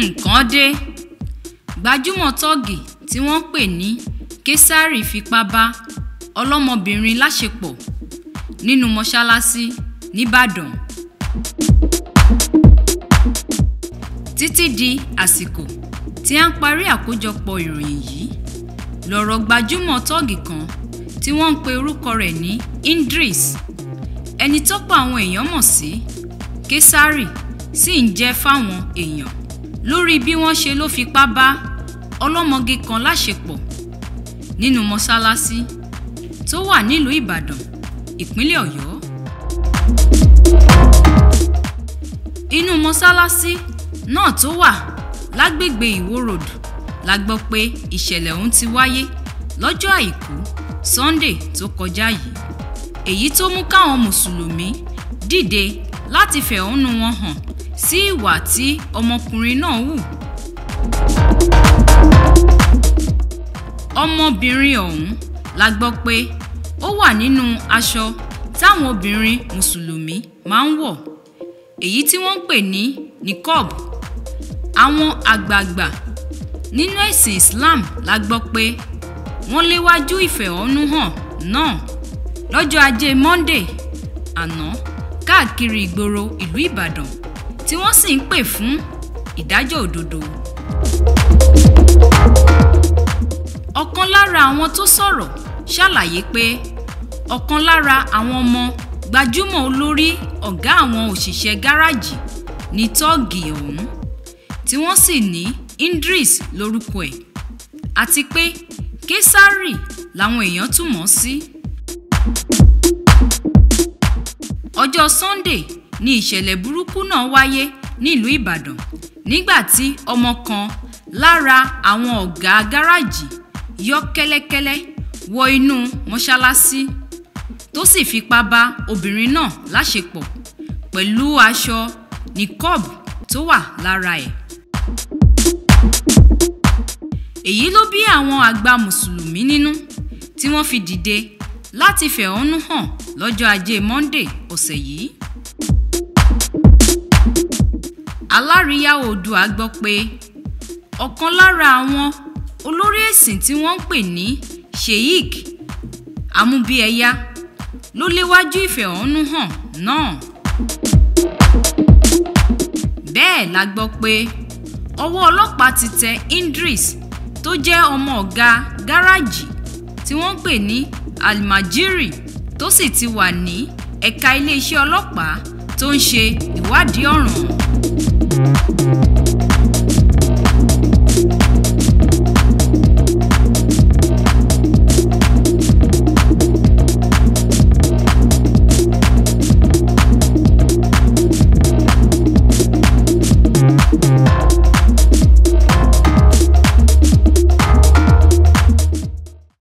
nǹkan dé gbajúmọ̀ tọ́ọ̀gì tí wọ́n pè ní késàrì fipá bá ọlọ́mọbìnrin láṣepọ̀ nínú mọ́ṣáláṣí nìbàdàn títí di àsìkò tí a ń parí àkójọpọ̀ ìròyìn yìí lọ̀rọ̀ gbajúmọ̀ tọ́ọ̀gì kan tí wọ́n ń pe orúkọ rẹ̀ ní Idris ẹni tọ́pọ̀ àwọn èèyàn mọ̀ sí Késárì sì ń jẹ́ fáwọn èèyàn lórí bí wọ́n ṣe ló fipá bá ọlọ́mọge kan láṣepọ̀ nínú mọ́ṣáláṣí tó wà nílùú ìbàdàn ìpínlẹ̀ ọ̀yọ́. inú mọ́ṣáláṣí náà tó wà lágbègbè ìwó road la gbọ́ pé ìṣẹ̀lẹ̀ ọ̀hún ti wáyé lọ́jọ́ àìkú sunday tó kọjá yìí èyí tó mú káwọn mùsùlùmí dìde láti fẹ̀hónú wọn hàn sí ìwà tí ọmọkùnrin náà hù. ọmọbìnrin ọ̀hún la gbọ́ pé ó wà nínú aṣọ táwọn obìnrin mùsùlùmí máa ń wọ̀ èyí tí wọ́n ń pè ní nikob àwọn àgbààgbà nínú ẹ̀sìn Islam la gbọ́ pé wọ́n léwájú ìfẹ̀hónúhàn náà lọ́jọ́ ajé Monday àná káàkiri ìgboro ìlú Ìbàdàn tí wọ́n sì ń pè fún ìdájọ́ òdodo. ọ̀kan lára àwọn tó sọ̀rọ̀ ṣàlàyé pé ọ̀kan lára àwọn ọmọ gbajúmọ̀ olórí ọ̀gá àwọn òṣìṣẹ́ gáràjì ní tọ́ọ̀gì ọ̀hún tí wọ́n sì ní Idris lórúkọ ẹ̀ àti pé Késárì làwọn èèyàn tún mọ̀ sí. ọjọ́ Sunday ni ìṣẹ̀lẹ̀ burúkú náà wáyé nílùú Ìbàdàn nígbà tí ọmọ kan lára àwọn ọ̀gá gáràjì yọ́ kẹ́lẹ́kẹ́lẹ́ wọ inú mọ́ṣáláṣí tó sì fipá bá obìnrin náà láṣepọ̀ pẹ̀lú aṣọ nìkọ́b tó wà lára ẹ̀. èyí ló bí àwọn àgbà mùsùlùmí nínú tí wọ́n fi dìde láti fẹ̀hónú hàn lọ́jọ́ ajé monde ọ̀sẹ̀ yìí alárìíyá oòdùà gbọ́ pé ọ̀kan lára àwọn olórí ẹ̀sìn tí wọ́n ń pè ní sheik amúbíẹ̀yà ló léwájú ìfẹ̀hónú hàn náà. bẹ́ẹ̀ la gbọ́ pé ọwọ́ ọlọ́pàá ti tẹ Idris tó jẹ́ ọmọ ọ̀gá gáràjì tí wọ́n pè ní almajiri tó sì ti wà ní ẹ̀ka iléeṣẹ́ ọlọ́pàá tó ń ṣe ìwádìí ọ̀ràn.